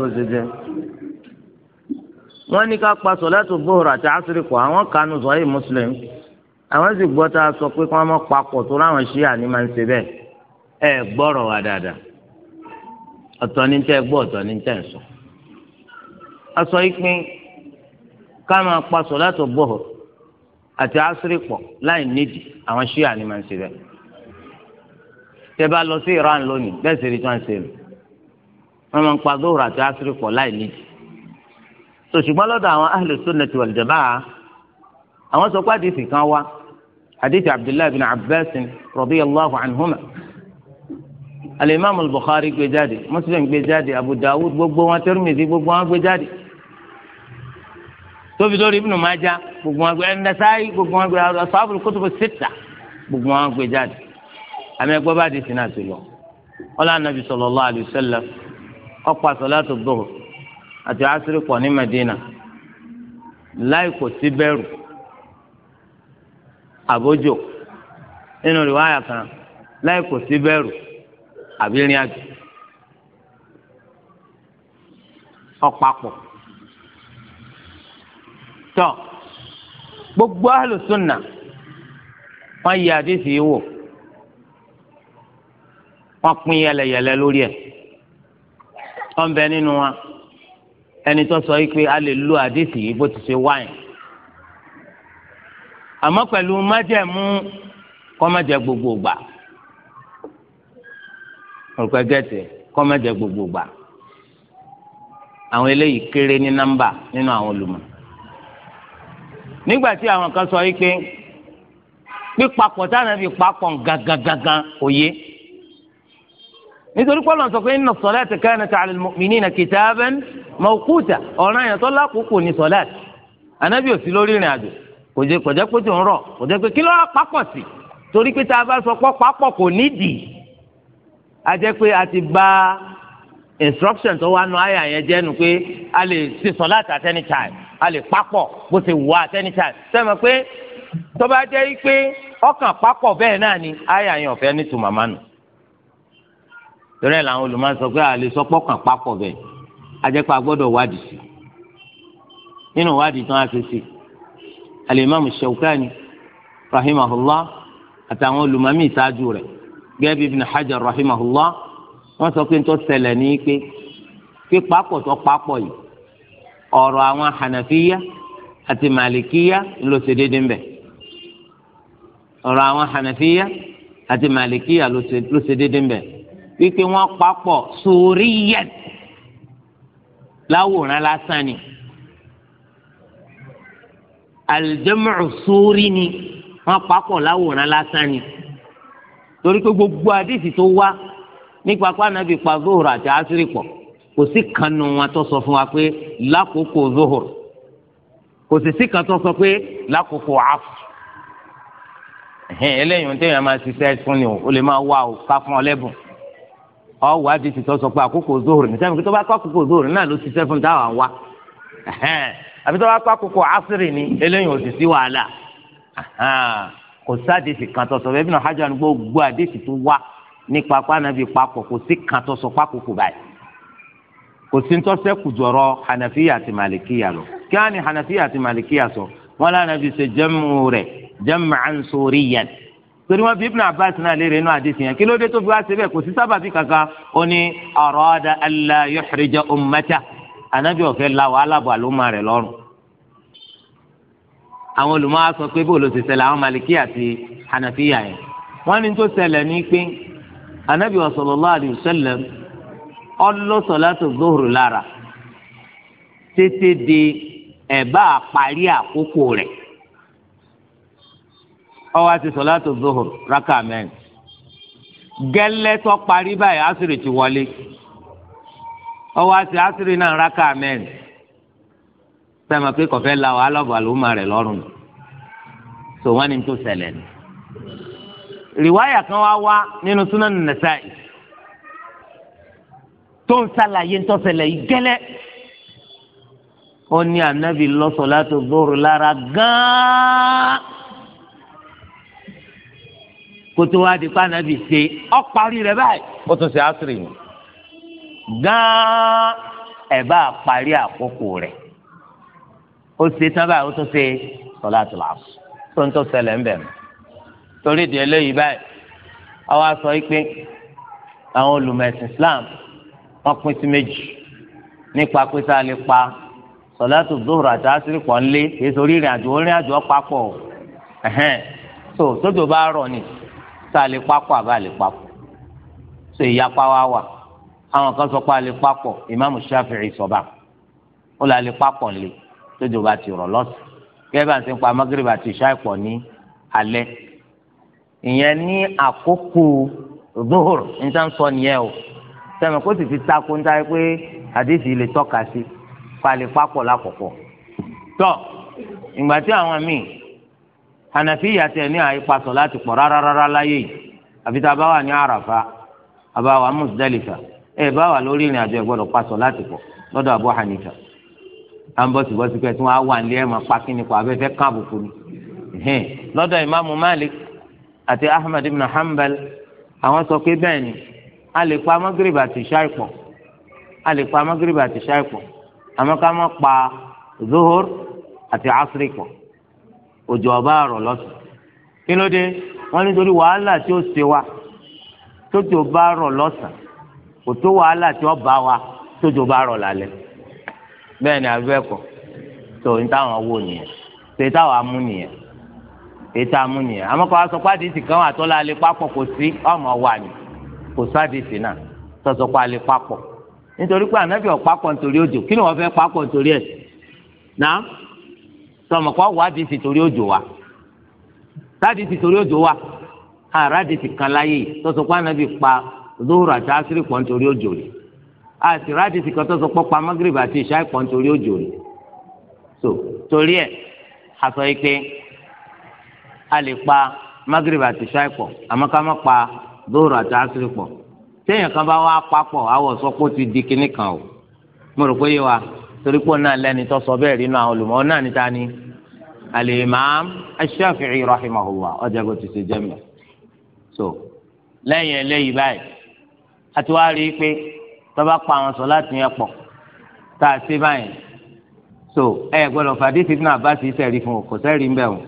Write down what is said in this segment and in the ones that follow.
ló ṣe jẹ wọ́n ní ká pa sọ̀látù bóòrò àti àṣírí pọ̀ àwọn kanu sọ̀hìn muslim àwọn sì gbọ́ tá a sọ pé kí wọ́n mọ̀ papọ̀ tó ráwọn ṣí àní máa ń ṣe bẹ́ẹ̀ ẹ gbọ́rọ̀ wa dáadáa ọ̀tọ̀ ní tẹ́ gbọ́ ọ̀tọ̀ ní tẹ́ sọ. aṣọ ìpín ká máa pa sọ̀látù bóòrò àti àṣírí pọ̀ láì nídìí àwọn ṣí àní máa ń ṣe bẹ́ẹ̀ tẹ́ bá lọ sí Iran lónìí bẹ́ẹ̀ sì rí tí wọ́n ń ṣe lò wọn máa ń pa zuhra àti asiri pọ̀ láì nídìí so ṣùgbọ́n lọ́dọ̀ àwọn ahlu sunnati wal jamaa àwọn sọ pé àdìsí kan wá àdìsí abdullahi bin abbas radiyallahu anhuma alimami bukhari gbé jáde muslim gbé jáde abu dawud gbogbo wọn tirmidhi gbogbo wọn gbé jáde tóbi lórí ibnu maja gbogbo wọn gbé ẹnẹsáyì gbogbo wọn gbé ashabul kutubu sitta gbogbo wọn gbé jáde àmì ẹgbẹ́ bá àdìsí náà ti lọ ọlọ́run nàbì sallallahu alayhi ọ̀pọ̀ àsọ̀látò gbòòrò àti àṣírí pọ̀ ní Medina láì kò sí bẹ̀rù àbójò nínú rìwáyà kan láì kò sí bẹ̀rù àbírin àjò ọ̀pàpọ̀ tọ́ gbogbo àlùsùnà wọ́n yí àdìsí wò wọ́n pín yẹlẹyẹlẹ lórí ẹ̀ ó ń bẹ nínú wa ẹni tó sọ pé a lè lo àdìsí yìí bó ti ṣe wáyìn àmọ́ pẹ̀lú májẹ̀mú kọ́májẹ gbogbo gbà olùkọ́ gẹ̀ẹ́sì kọ́májẹ gbogbo gbà àwọn eléyìí kéré ní nọ́mbà nínú àwọn olùmọ̀ nígbà tí àwọn kan sọ yìí pé pípapọ̀ táwọn fi papọ̀ gangan gangan òye. Gan, gan, gan, nítorí pọ́lọ̀ sọ pé inna salata kanat ala al-mu'minina kitaban mawquta ọ̀ràn yẹn tó lákòókò ní sọ̀lá ànábì òsì lórí ìrìn àjò kò jẹ́ kò jẹ́ pé tó ń rọ̀ kò jẹ́ pé kí ló pápọ̀ sí torí pé tá a bá sọ pé pápọ̀ kò nídìí a jẹ́ pé a ti bá instruction tó wà nù àyà yẹn jẹ́ nu pé a lè ṣe sọ̀lá at any time a lè pápọ̀ bó ṣe wù at any time sẹ́mi pé tó bá jẹ́ pé ọkàn pápọ̀ bẹ́ẹ̀ náà ni àyà yẹn ọ̀fẹ́ nítumọ̀ mánu torí ẹ̀ làwọn olùmọ̀ sọ pé àlè sọpọ̀ kàn papọ̀ bẹ́ẹ̀ ajẹ́pẹ́ agbọ́dọ̀ wádìí sí nínú wádìí tán á ṣe sí alimami Shawkani rahimahullah àtàwọn olùmọ̀mí ìṣáájú rẹ̀ gẹ́bí ibn Hajar rahimahullah wọ́n sọ pé tó ṣẹlẹ̀ ní pé pé papọ̀ tó papọ̀ yìí ọ̀rọ̀ àwọn hànàfíyà àti màlìkíyà ló ṣe déédéé ń ọ̀rọ̀ àwọn hànàfíyà àti màlìkíyà ló ṣe déédéé ń wípé wọ́n papọ̀ sórí yẹn láwòrán lásán ni alìjẹmọ̀ọ́ sórí ni wọ́n papọ̀ láwòrán lásán ni torí pé gbogbo àdìsí tó wá nípa pé ànábì pa zohor àti asiri pọ̀ kò sí kanu wọn tó sọ fún wa pé lákòókò zohor kò sì sí kan tó sọ pé lákòókò afu ẹlẹ́yìn tó yẹn máa ṣiṣẹ́ fún ni o lè máa wá o ká fún ọ lẹ́bùn ọwọ́ àdìsí tó sọ pé àkókò zohor ní sẹ́mi kí tó bá kọ́ àkókò zohor náà ló ṣiṣẹ́ fún táwa ń wá àbí tó bá kọ́ àkókò asiri ni eléyìí ò sì sí wàhálà kò sádìsí kan tó sọ bẹ́ẹ̀ bí náà hajj àni gbogbo àdìsí tó wá nípa pànàbí papọ̀ kò sí kan tó sọ pákókò báyìí kò sí tó sẹ́kù jọ̀rọ̀ hanafiya àti malikiya lọ kí wọ́n ní hanafiya àti malikiya sọ wọ́n lánàá fi ṣe jẹ́mu rẹ̀ jẹ́mu ansoriyan torí wọn bí Ibn Abbas náà léèrè inú àdìsí yẹn kí ló dé tó fi wá síbẹ̀ kò sí sábàbí kankan ó ní arada alla yuhrija ummata anabi ọ̀fẹ́ la wàhálà bọ̀ rẹ̀ lọ́rùn. àwọn olùmọ̀ á sọ pé bóòlù ti ṣẹlẹ̀ àwọn Maliki àti Hanafiya yẹn wọ́n ní tó ṣẹlẹ̀ ní pé anabi sallallahu alayhi wa ó wá ti sọ̀látù zuhur rákà mẹ́rin gẹ́lẹ́ tó parí báyìí asiri ti wọlé ó wá ti asiri náà rákà mẹ́rin sẹ́mi pé kọ̀fẹ́ la wàá lọ́bọ̀ àlùmọ́ rẹ̀ lọ́rùn tó wọ́n ní tó ṣẹlẹ̀ ni. rìwáyà kan wá wá nínú Sunan Nasa'i tó ń ṣàlàyé ń tó yìí gẹ́lẹ́ ó ní ànábì lọ sọ̀látù zuhur lára gán-an kótó wa di pa nàbì ṣe ọparí rẹ báyìí ó tún ṣe àṣírí ni gan ẹ bá parí àkókò rẹ ó ṣe tán báyìí ó tún ṣe sọláàtì làásù tó ń tó ṣẹlẹ̀ ń bẹ̀ mọ́ torí ìdí eléyìí báyìí àwa sọ pé àwọn olùmẹ̀sìn Islam wọ́n pín sí méjì nípa pé tá a lè pa sọláàtì dóòrò àti àṣírí pọ̀ ń lé èso rírìn àjò orin àjò ọ̀pá pọ̀ ẹ̀hẹ́n tó tójú bá rọ̀ nìyí tá a lè papọ̀ àbá a lè papọ̀ so ìyapa wa wà àwọn kan sọ pé a lè papọ̀ ìmáàmù Ṣáfi'í sọ̀bà ó lè a lè papọ̀ lè tójú bá ti rọ̀ lọ́sàn gẹ́gẹ́ bá ń sìn pa magrib àti ṣáìpọ̀ ní alẹ́ ìyẹn ní àkókò zuhur níta ń sọ nìyẹn o sẹ́mi kó sì fi takò níta pé àdéhì lè tọ́ka sí palẹ̀ papọ̀ lákòókò tọ́ ìgbà tí àwọn míì hànàfíyà tẹ̀ ní àyípasọ̀ láti pọ̀ rárára láyé yìí àfi tá a bá wà ní àràfà a bá wà mùsùlẹ́lìfà ẹ bá wà lórí ìrìn àjò ẹ̀gbọ́dọ̀ pasọ̀ láti pọ̀ lọ́dọ̀ àbọ̀ hànífà à ń bọ̀ sí bọ́sí pé tí wọ́n á wà nílé ẹ̀ máa pa kíni kọ́ abẹ́fẹ́ kán àbùkù ni lọ́dọ̀ ìmáàmù Malik àti Ahmad ibn Hanbal àwọn sọ pé bẹ́ẹ̀ ni a lè pa magrib àti ṣáì a lè pa magrib àti ṣáì òjò ọba àrọ̀ lọ́sàn kí ló dé wọ́n nítorí wàhálà tí ó ṣe wa tójò bá rọ̀ lọ́sàn kò tó wàhálà tí ó bá wa tójò bá rọ̀ lálẹ́ bẹ́ẹ̀ ni abẹ́kọ̀ tó ń táwọn wò nìyẹn tó ń táwọn amú nìyẹn ètò àmú nìyẹn àmọ́ kọ́ aṣọ pàdésì kan wà tó lálẹ́ papọ̀ kò sí ọmọ wà ní kò sádìsì náà tọ́sọ pa lè papọ̀ nítorí pé ànábì ọ̀pápọ̀ nítorí òjò kí ni wọ́n fẹ́ papọ̀ nítorí ẹ̀ náà sọmọ kọ wádìí ti torí òjò wa sáàdì ti torí òjò wa àràdì ti kan láyé tọ́sọ pé ànábì pa lóhùrọ̀ àti àṣírí pọ̀ nítorí òjò rẹ̀ àtìràdì ti kan tọ́sọ pọ̀ pa magrib àti ìṣáì pọ̀ nítorí òjò rẹ̀ so torí ẹ̀ àsọ yìí pé a lè pa magrib àti ìṣáì pọ̀ àmọ́ ká má pa lóhùrọ̀ àti àṣírí pọ̀ téèyàn kan bá wá papọ̀ àwọ̀ sọ ti di kinní kan o mo rò pé yé wa torí pé náà lẹ́ni tó sọ bẹ́ẹ̀ rínú àwọn olùmọ̀ náà níta ni al-Imam Ash-Shafi'i rahimahullah ọjà kò ti ṣe jẹ́mi. so lẹ́yìn eléyìí báyìí a ti wá rí i pé tó bá pa àwọn sọ láti yẹn pọ̀ tá a ṣe báyìí so ẹ gbọ́dọ̀ fàdí ti náà bá ti sẹ̀rí fún o kò sẹ́rí ń bẹ̀ o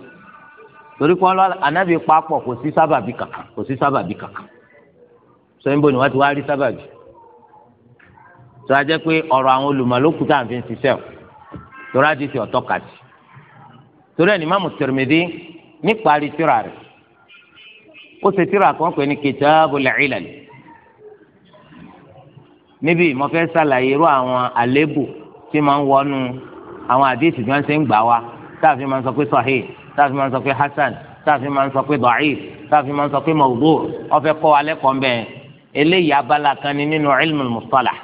torí pé anábì papọ̀ kò sí sábàbí kankan kò sí sábàbí kankan sọ tó a jẹ́ pé ọ̀rọ̀ àwọn olùmọ̀lókù tá à ń fi ṣiṣẹ́ o torí àdìsí ọ̀tọ̀ kàtì torí ẹni Imamu Tirmidhi níparí tíra rẹ̀ ó ṣe tíra kan pé ní Kitabul Ilal níbi mo fẹ́ ṣàlàyé irú àwọn àlébù tí máa ń wọnú àwọn àdìsí tí wọ́n ṣe ń gbà wá táàfin máa ń sọ pé sahih táàfin máa ń sọ pé hasan táàfin máa ń sọ pé da'if táàfin máa ń sọ pé mawdu' ó kọ́ alẹ́ kọ́ mbẹ́ eléyìí abala kan ní nínú ilmul mustalah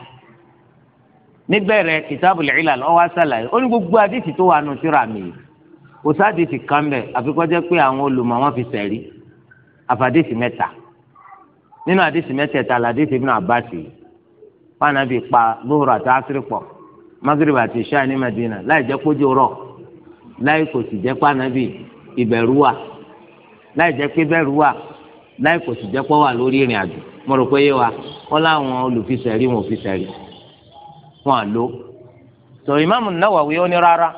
níbẹ̀rẹ̀ kìtàbù lẹ́yìnlá lọ́wọ́ sàlàyé ó ní gbogbo àdìsí tó wà nù síra mi kò sáàdìsí kan bẹ̀ àfikọ́jẹ́ pé àwọn olùmọ̀ wọn fi sẹ̀rí àfàdìsí mẹ́ta nínú àdìsí mẹ́tẹ̀ẹ̀ta làdìsí Ibn Abbas fáànà bíi pa lóhùrọ̀ àti àṣírí pọ̀ àti Isha ní Madina láì jẹ́ kójú rọ̀ láì kò sì jẹ́ ìbẹ̀rù wà láì jẹ́ pé bẹ̀rù wà láì kò sì jẹ́ pọ̀ wà lórí ìrìn àjò mo rò pé yé wa láwọn olùfisẹ̀rí fi wọn à lò tó ìmáàmù Nawawi ó ní rárá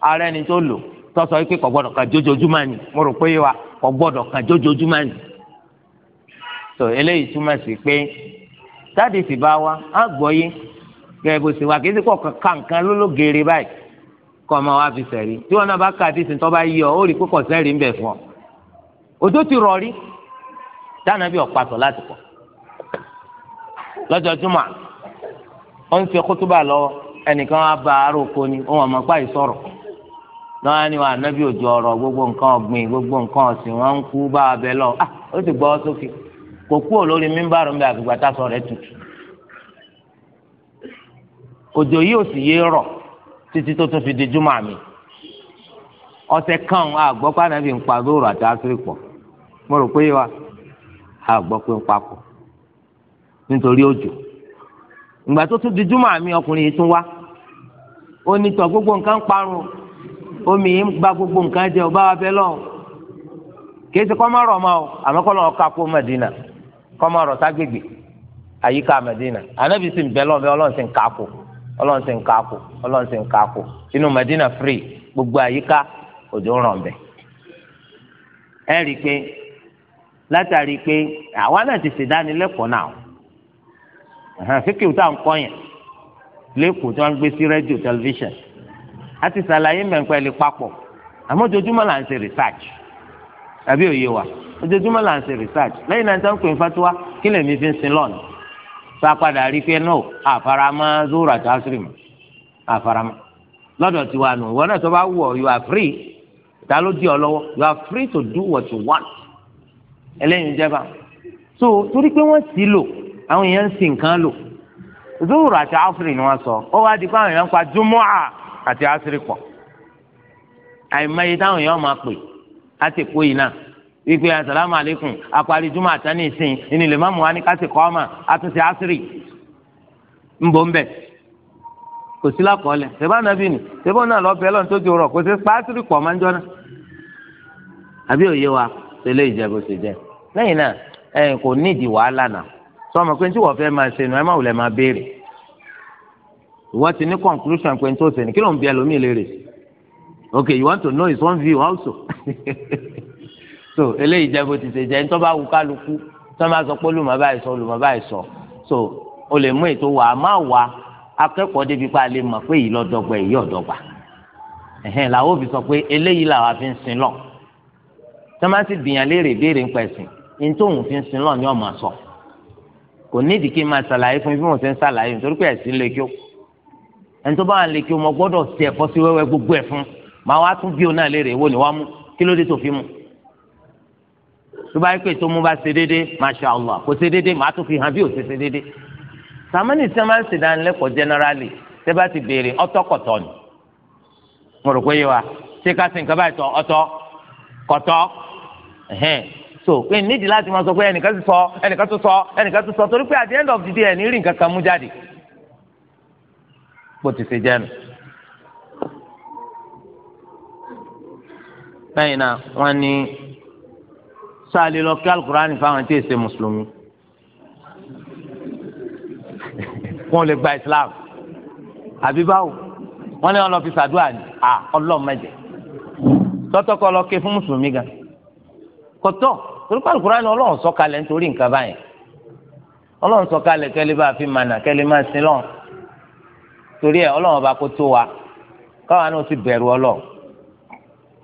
ara ẹni tó lò tọ́sọ yìí pé kò gbọ́dọ̀ kan jójoojúmọ́ ni mo rò pé wa kò gbọ́dọ̀ kan jójoojúmọ́ ni tó eléyìí túmọ̀ sí pé táàdì sì bá wa á gbọ́ yé bó wà kí ẹsẹ̀ kọ̀ kankan ló ló báyìí kọ́ ọmọ wa fi sẹ̀rí tí wọn náà bá ka àdìsí tó bá yí ọ ó rí pé kò sẹ́rí ń ọ òjò ti rọ̀ rí dáná bí ó ń ṣe kótóbà lọ́wọ́ ẹnìkan wá bá aróko ni òun àmọ́ pa ìsọ̀rọ̀ náà ni wọn ànábì òjò ọ̀rọ̀ gbogbo nǹkan ọ̀gbìn gbogbo nǹkan ọ̀sìn wọn ń kú bá abẹ lọ ah ó sì gbọ́ sókè kò kú olórí mímbàrú mi àgbègbè àtàsọ rẹ̀ tutù òjò yìí ò sì yé rọ̀ títí tó tún fi di júmọ̀ àmì ọ̀sẹ̀ kan àgbọ́ pàdánù ń pa lóòrò àti àṣírí pọ̀ mo rò pé wa àgbọ́ pé ń papọ̀ nítorí òjò. ìgbà tó tún di júmọ̀ àmì ọkùnrin yìí tún wá ó gbogbo nǹkan parun omi yìí ń gba gbogbo nǹkan jẹ ọba wa fẹ́ kìí ṣe ma o àmọ́ kọ́ lọ́ọ́ ká kó Mẹ́dínà kọ́mọ̀rọ̀ ságbègbè àyíká Mẹ́dínà anábì sì ń bẹ lọ́ọ̀bẹ ọlọ́run sì ń ká kó ọlọ́run sì free gbogbo àyíká òjò ń ràn bẹ́ẹ̀ ẹ rí i pé látàrí pé àwa náà fíkìw tá à ń kọ́ yẹn lẹ́kọ̀ọ́ tí wọ́n ń gbé sí rédíò tẹlifíṣàn a ti ṣàlàyé mẹ́ǹpẹ́ lè papọ̀ àmọ́ ojoojúmọ́ là ń ṣe research àbí òye wa ojoojúmọ́ là ń ṣe research lẹ́yìn náà sẹ́ńkù ìfatuwa kí lèmi fi ń sin lọ́nà sọ apádà rí pé náà àfaramọ́ zora tasiri mọ́ àfaramọ́ lọ́dọ̀ tiwa nù wọn náà tó bá wù ọ́ you are free ta ló di ọ lọ́wọ́ you are free to do what you want ẹlẹ́yin jẹba so torí pé wọ́n sì lò àwọn èèyàn ń sin nǹkan lò zuhur àti asiri ni sọ ó wá di pé àwọn èèyàn ń pa jumu'a àti asiri pọ̀ àìmọye táwọn èèyàn máa pè láti kó yìí náà wípé asalaamu aleykum apari jumu'a ìsìn wa ní kọ́ àtúnṣe asiri ń bọ̀ kò sí ṣèbá nàbí ni ṣèbá náà lọ́n tó ti rọ̀ kò sí pàṣírí pọ̀ máa ń jọ́nà àbí òye wa ṣẹlẹ̀ ìjẹ́bù ṣe jẹ́ lẹ́yìn náà kò sọmọ pé ní tí wọ́n fẹ́ máa ṣe nu ẹ má wùlẹ̀ máa béèrè ìwọ́n ti ní conclusion pé ní tó ṣe ni kí ló ń bí ẹlòmíì léèrè okay you want to know his own view also so eléyìí jẹ́ bó ti ṣe jẹ́ nítorí bá wù kálukú tó máa sọ pé olùmọ̀ báyìí sọ olùmọ̀ báyìí sọ so o lè mú ètò wà á má wà akẹ́kọ̀ọ́ débi pa lè mọ̀ pé yìí lọ́dọ̀gba èyí ọ̀dọ̀gba ẹ̀hẹ́n làwọn òbí sọ pé eléyìí làwọn fi ń sin lọ tó máa sì gbìyànjú léèrè béèrè ń pẹ̀sìn ní tóun fi ń sin lọ ni ọ̀ máa sọ. So kò nídìí kí n máa ṣàlàyé fún bí mo ṣe ń ṣàlàyé nítorí pé ẹ̀sìn lè kí ó ẹni tó bá wà lè kí ó mọ gbọ́dọ̀ ṣe ẹ̀fọ́ sí wẹ́wẹ́ gbogbo ẹ̀ fún màá wá tún bí òun náà léèrè wo ni wá mú kí ló dé tó fi mú tó bá yẹ pé tó mú bá ṣe déédé masha allah kò ṣe déédé màá tún fi hàn bí ò ṣe ṣe déédé sàmánì tí wọ́n máa ń ṣèdánilẹ́kọ̀ọ́ generally tẹ́ bá ti béèrè ọ̀tọ̀kọ̀tọ̀ ni mo rò pé yẹ wa ṣé ká so pé nídìí láti máa sọ pé ẹnìkan ti sọ ẹnìkan tó sọ ẹnìkan tó sọ torí pé at the end of the day ẹni rí nǹkan kan mú jáde bó ti ṣe jẹ́ nu. lẹ́yìn náà wọ́n ní sáàlì lọ kí alukurani fáwọn tí èsè mùsùlùmí wọ́n lè gba islam àbí báwo wọ́n ní ọlọ́ọ̀fi sàdúrà ní à ọlọ́ọ̀mẹ́jẹ tọ́tọ́kọ́ lọ ké fún mùsùlùmí gan kọ́tọ́ torí pé alukurani ọlọ́run sọ̀kalẹ̀ nítorí nǹkan báyìí ọlọ́run sọ̀kalẹ̀ kẹ́lẹ́ bá fi mànà kẹ́lẹ́ máa sin lọ́n torí ẹ̀ ọlọ́run ọba kó tó wa káwa náà sì bẹ̀rù ọlọ́run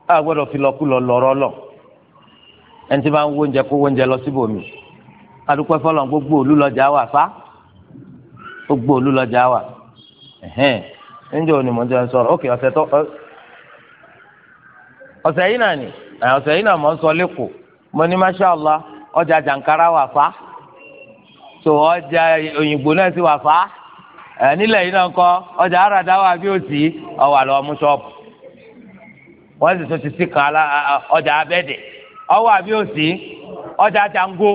káwa gbọ́dọ̀ fi lọ́kù lọ lọ́rọ́ lọ ẹni tí bá ń wo oúnjẹ kó wo oúnjẹ lọ síbòmí adúpẹ́ fọlọ́n gbogbo òlu lọ́jà wà fá gbogbo òlu lọ́jà wà ẹ̀hẹ́n ẹ̀ńjẹ́ òní mọ̀ jẹun sọ̀rọ̀ ókè ọ̀sẹ̀ tó ọ̀sẹ̀ yìí náà ni ọ̀sẹ̀ yìí náà mọ̀ ń sọ lẹ́kọ̀ọ́ mo ní allah ọjà jàǹkárá wà fá tó ọjà òyìnbó náà sì wà ẹ nílẹ̀ yìí náà kọ́ ọjà àràdá wà bí òsì ọwà lọ́wọ́ mú sì tún ti sí kan ọjà abẹ́dẹ̀ ọwọ́ àbí òsì ọjà jàǹgó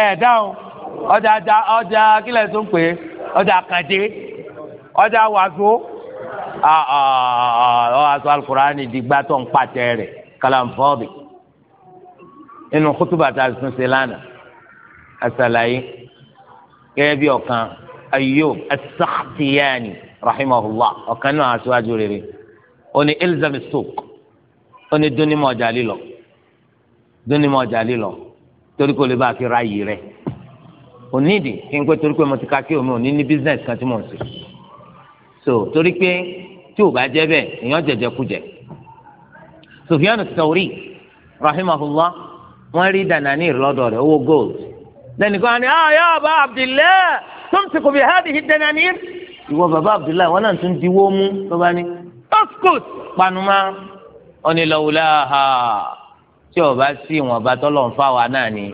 ẹ̀ dáhùn ọjà ọjà kílẹ̀ tó ń pè é ọjà ọjà wàzó ọ nínú kútùbà tá a tún ṣe lánàá asàlàyé gẹ́gẹ́ bí ọ̀kan Ayyub as-Sakhtiyani rahimahullah ọ̀kan náà aṣáájú rere ó ní ilzam as-suq ó ní dúnímọ̀ ọjà lílọ dúnímọ̀ ọjà lílọ torí kò lè bá a fi ráàyè rẹ̀ onídì kí n pé torí pé mo ti ka kí omi ò ní ní kan tí mò ń ṣe so torí pé tí ò bá jẹ́ bẹ́ẹ̀ èèyàn jẹ̀jẹ̀ kú jẹ Sufyan as-Sawri wọ́n rí dànàní lọ́dọ̀ rẹ̀ owó gold lẹ́nìkan ni ah yọ bá abdullahi tó ń tìkù bí hádìí dànàní. ìwọ bàbá abdullahi wọn náà tún diwó mú lọ́ba ni oskut panuma ọ̀nìlọ́wùlá ha tí o bá sí ìwọ̀nba tọ́lọ̀ ń fa wa náà ni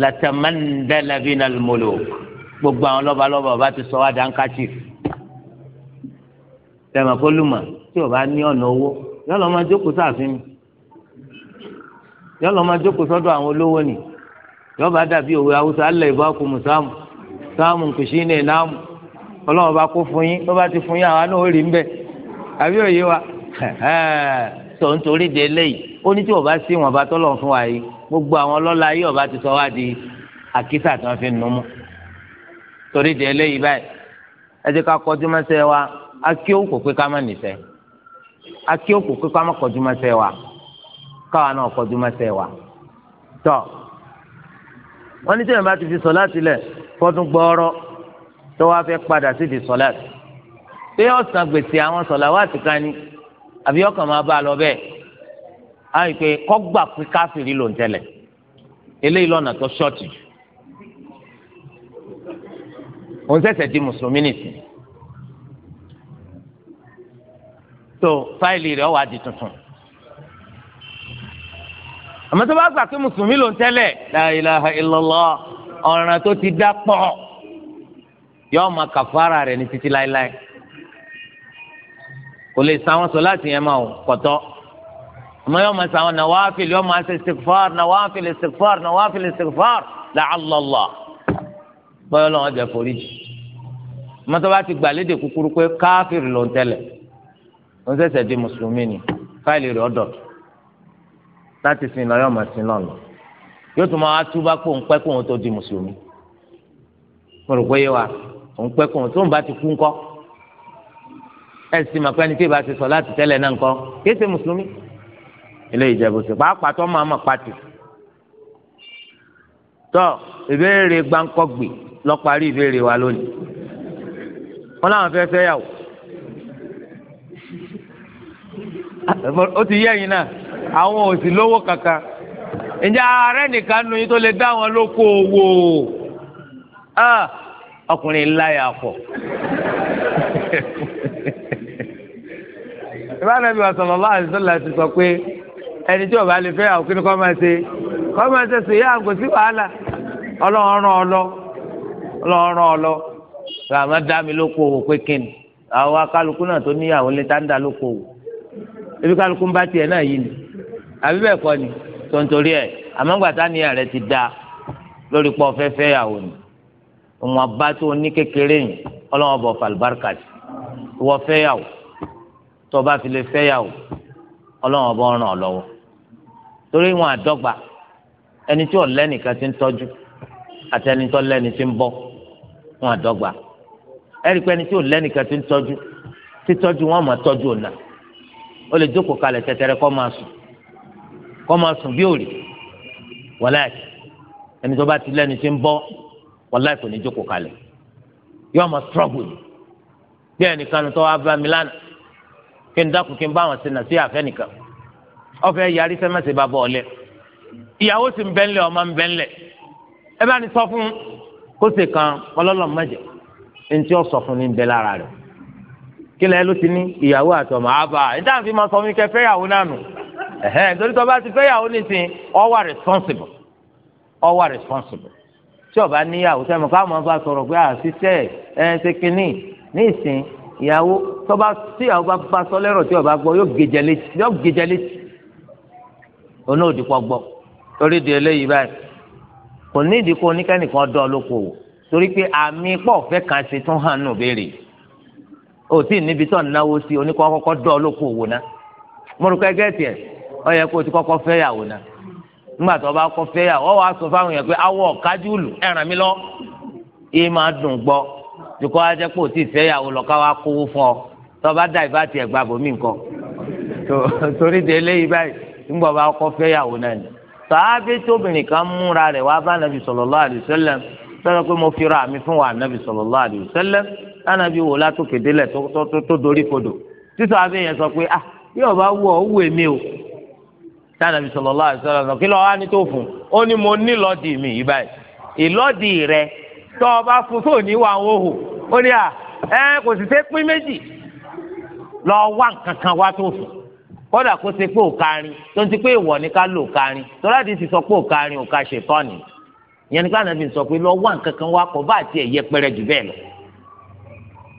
latamandalabina molo gbogbo àwọn lọ́balọ́ba ọba ti sọ wá dáńkàtì tẹ̀mọ̀kọ́lùmọ̀ tí o bá ní ọ̀nà owó yọ̀ọ́ lọ́mọdé kò sáàfin mi yọ lọ máa jókòó sọ́dọ̀ àwọn olówó ni yọ bá dàbí òwe haúsá alẹ ìbá kò mú sáàmù sáàmù kùsì ní ìnáàmù Ọlọ́run bá kó fún yín ló bá ti fún yín àwa náà ó rí nbẹ àbí òye wa tó ń torí de eléyìí ó ní tí ọba sí wọn bá tọ́lọ̀ fún wa yìí gbogbo àwọn ọlọ́lá yìí ọba ti sọ wá di àkísà tí wọ́n fi nù mú torí de eléyìí báyìí ẹ jẹ́ ká kọjú mọ́sẹ́ wa akíó kò pé ká má nìṣẹ́ akíó kò pé ká má kọjú mọ́sẹ́ wa káwa náà kọjú mọ́sẹ̀ wa tọ́ wọ́n ní sẹ́yìn bá ti fi sọ̀lá tilẹ̀ fọ́dún gbọ́ọ́rọ́ tó wá fẹ́ padà sí ti sọ̀lá pé ọ̀sán gbèsè àwọn sọ̀lá wà ti ká ní àbí ọkàn máa bá a lọ bẹ́ẹ̀ á rí i pé kọ́gbà pé káfíìrì ló ń tẹ̀lẹ̀ eléyìí lọ́nà tó ṣọ́ọ̀tì jù òun ṣẹ̀ṣẹ̀ di mùsùlùmí nìsín tó fáìlì rẹ̀ wà di tuntun àmọ́ tó bá gbà pé mùsùlùmí ló ń tẹ́lẹ̀ la ilaha illallah ọ̀ràn tó ti dá pọ̀ yọ ọmọ kàfàrà rẹ̀ ní títí láéláé kò lè sa àwọn sọ láti yẹn máa kọ̀tọ́ àmọ́ yọ ọmọ sa àwọn nawafil yọ ọmọ asẹ istighfar nawafil istighfar nawafil istighfar la'alla Allah bọ́yọ̀ lọ́wọ́ jẹ́ forí jì àmọ́ tó bá ti gbà léde kúkúrú pé káfíìrì ló ń tẹ́lẹ̀ ó ń ṣẹ̀ṣẹ̀ di mùsùlùmí ni fáìlì rẹ̀ ọ̀dọ̀tún láti sin lọ yọọ máa sin lọ lọ yóò tún máa túbá kó ń pẹ́ kó ń tó di mùsùlùmí mo rò pé yé wa ń pẹ́ kó ń tó ń bá ti kú ńkọ́ ẹ sì mà pé ẹni tí ì bá ti sọ láti tẹ́lẹ̀ náà ńkọ́ kí ṣe mùsùlùmí ilé ìjẹ̀bù sí pàápàá tó máa mọ̀ pàtì tọ́ ìbéèrè gbáǹkọ́gbì lọ parí ìbéèrè wa lónìí wọn làwọn fẹ́ fẹ́ yàwó ó ti yé ẹ̀yin náà. àwọn ò sì lówó kankan ǹjẹ́ ààrẹ nìkan nu yín tó lè dá wọn lóko owó ọkùnrin láyà pọ̀ ìbáraẹni wa sọlọ lọ́wọ́ àti ti sọ pé ẹni tí ó lè fẹ́ àwọn ni kọ́ máa ṣe kọ́ máa ṣe sèyí sí wàhálà ọlọ́run ọlọ́ ọlọ́run ọlọ́ dá mi lóko pé àwọn akálukú náà tó níyàwó lè tá ń ebi kálukú ń bá tiẹ̀ náà àbí bẹ́ẹ̀ kọ́ ni tontori ẹ̀ àmọ́gbàtà ni ààrẹ ti da lórí pọ̀ fẹ́fẹ́ yàwó ni wọn bá tó ní kékeré yìí ọlọ́wọ́n bọ̀ fàlùbáríkà sí wọ́n fẹ́ yàwó tó bá fi lè fẹ́ yàwó ọlọ́wọ́n bọ̀ ràn ọ́ lọ́wọ́ torí wọn àdọ́gba ẹni tí ò lẹ́nìkan ti ń tọ́jú àti ẹni tó lẹ́ni ti ń bọ́ wọn àdọ́gba ẹ̀rí pé ẹni tí ò lẹ́nìkan ti ń tọ́jú títọ́jú wọn máa tọ́jú ọ̀nà ó lè jókòó kalẹ̀ tẹ́tẹ́rẹ́ kọ́ máa sùn kọ́ máa sùn bí òrì wàláì ẹni tó bá ti lẹ́ni tí ń bọ́ wàláì kò jókòó kalẹ̀ yóò máa struggle ni bí ẹnìkan tó wá bá mi lánàá kí n dákun kí n bá wọn sinà sí àfẹnìkan ọfẹ yarí sẹmẹsẹ bá bọ ọlẹ ìyàwó sì ń bẹ́ńlẹ̀ ọmọ ń bẹ́ńlẹ̀ ẹ bá ní sọ fún kó ṣe kan ọlọ́lọ́mọ mẹ́jẹ ntí ọ sọ fún ní bẹ́ẹ̀ lára rẹ̀ kí lẹ́yìn ló ti ní ìyàwó àtọmọ àbá ìdáhùn fi máa sọ fún mi kẹfẹ́ ìyàwó náà nù. ẹ̀hẹ́n torí tó bá ti fẹ́ yàwó nísìnyí ọ wà responsible ọ wà responsible tí o níyàwó sẹ́mi ká mọ̀ sọ̀rọ̀ pé àṣìṣe ẹ̀ ṣe kínní nísìn ìyàwó tó bá tí ìyàwó bá bá sọ tí o gbọ́ yóò gèjẹ létí oní òdìpọ̀ gbọ́ torí di eléyìí báyìí kò ní ìdíkọ oníkẹ́nìkan dọ́ lókòwò torí pé àmì pọ̀ fẹ́ kan ṣe tún hàn nù béèrè òtí níbi tó náwó sí oníkọ́ ọ yẹ kó o ti yàwó náà nígbà tó o bá yàwó ọ fáwọn yẹn pé awọ kájú lù ẹ lọ yìí dùn o ti fẹ́ lọ ká kówó fún ọ tó o bá dà ìbá torí de eléyìí báyìí nígbà o bá yàwó náà ni tóbìnrin kan múra rẹ̀ wá bá nàbì pé mo fira fún wa nàbì tánàbí sọlọ́lá àṣọlá náà kí lọ́ọ́ wá ní tó fún ó ní mo ní lọ́ọ̀dì mi yìí báyìí ìlọ́ọ̀dì rẹ tọ́ ọ fún tó ní wà wọ́n hù ó ní à ẹ kò sì ṣe pín méjì lọ́ọ́ wá nǹkan wá tó fún kódà kó ṣe pé òkarin tó ń ti pé ìwọ ni ká lò òkarin tọ́lá ti sì sọ pé òkarin òka ṣètọ́ni ìyẹn ní káàdà fi sọ pé lọ́ọ́ wá nǹkan kan wá kọ́ bá àti ẹ̀yẹ pẹ́rẹ́ jù bẹ́ẹ̀ lọ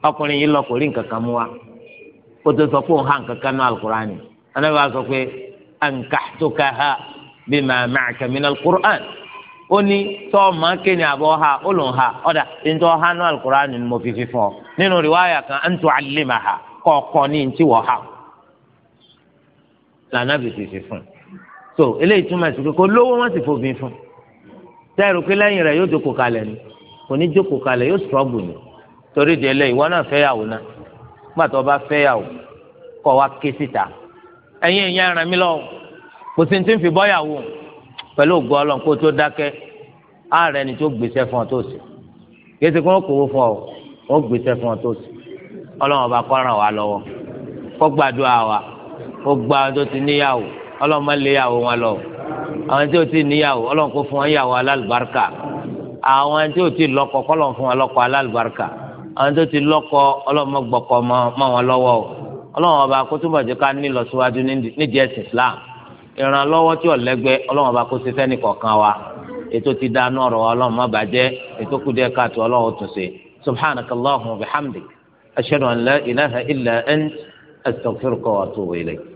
ọkùnrin yìí lọ kò rí nǹkan kan mú wa kó tó sọ pé òun há nǹkan kan náà alukurani anábìá sọ pé ankahtukaha bima ma'aka min al-Qur'an ó ní tọ́ máa ké ní àbọ̀ ha ó lòun ha ọ̀dà ntọ́ ha nù al-Qur'an ni mo fi fi fún ọ nínú rìwáyà kan an tu'allimaha kọ̀ọ̀kan ní ntí wọ̀ ha lànà bí fi fi fún so eléyìí túmọ̀ sí pé kó lówó wọn sì fòfin fún tẹ́rù pé lẹ́yìn rẹ̀ yóò jókòó kalẹ̀ ni kò ní jókòó kalẹ̀ yóò sọ̀rọ̀bù ni torí di eléyìí wọn náà fẹ́yàwó náà gbàtọ́ bá fẹ́yàwó kọ́ wa ké síta ẹ̀yin èèyàn ràn mí lọ́wọ́ kò sí ní tí ń fi bọ́yàwó pẹ̀lú ògbó ọlọ́run kó tó dákẹ́ ààrẹ ni tó gbèsè fún ọ tó sì kéésì kó kówó fún ọ ó gbèsè fún ọ tó sì ọlọ́run ọba kó ràn lọ́wọ́ kó gbàdúrà wa kó gba àwọn tó ti níyàwó ọlọ́run má lé yàwó wọn lọ àwọn tí ò ti níyàwó ọlọ́run kó fún wọn yàwó alálùbáríkà àwọn tí ò ti lọ́kọ kọ́lọ́run fún wọn lọ́kọ alálùbáríkà àwọn tó ti lọ́kọ ọlọ́run má gbọ́kọ mọ́ wọn lọ́wọ́ o ọlọ́run ọba kó túbọ̀ jẹ́ ká ní ìlọsíwájú nídìí ẹ̀sìn islam ìrànlọ́wọ́ tí ọ̀lẹ́gbẹ́ ọlọ́run ọba kó ṣe fẹ́ni kọ̀ọ̀kan wa ètò ti dáná ọ̀rọ̀ ọlọ́run má bàjẹ́ ètò kúdẹ́ káàtó ọlọ́run tún ṣe subhanakallahumma wa bihamdik ashhadu ilaha illa ant astaghfiruka wa atubu ilayk.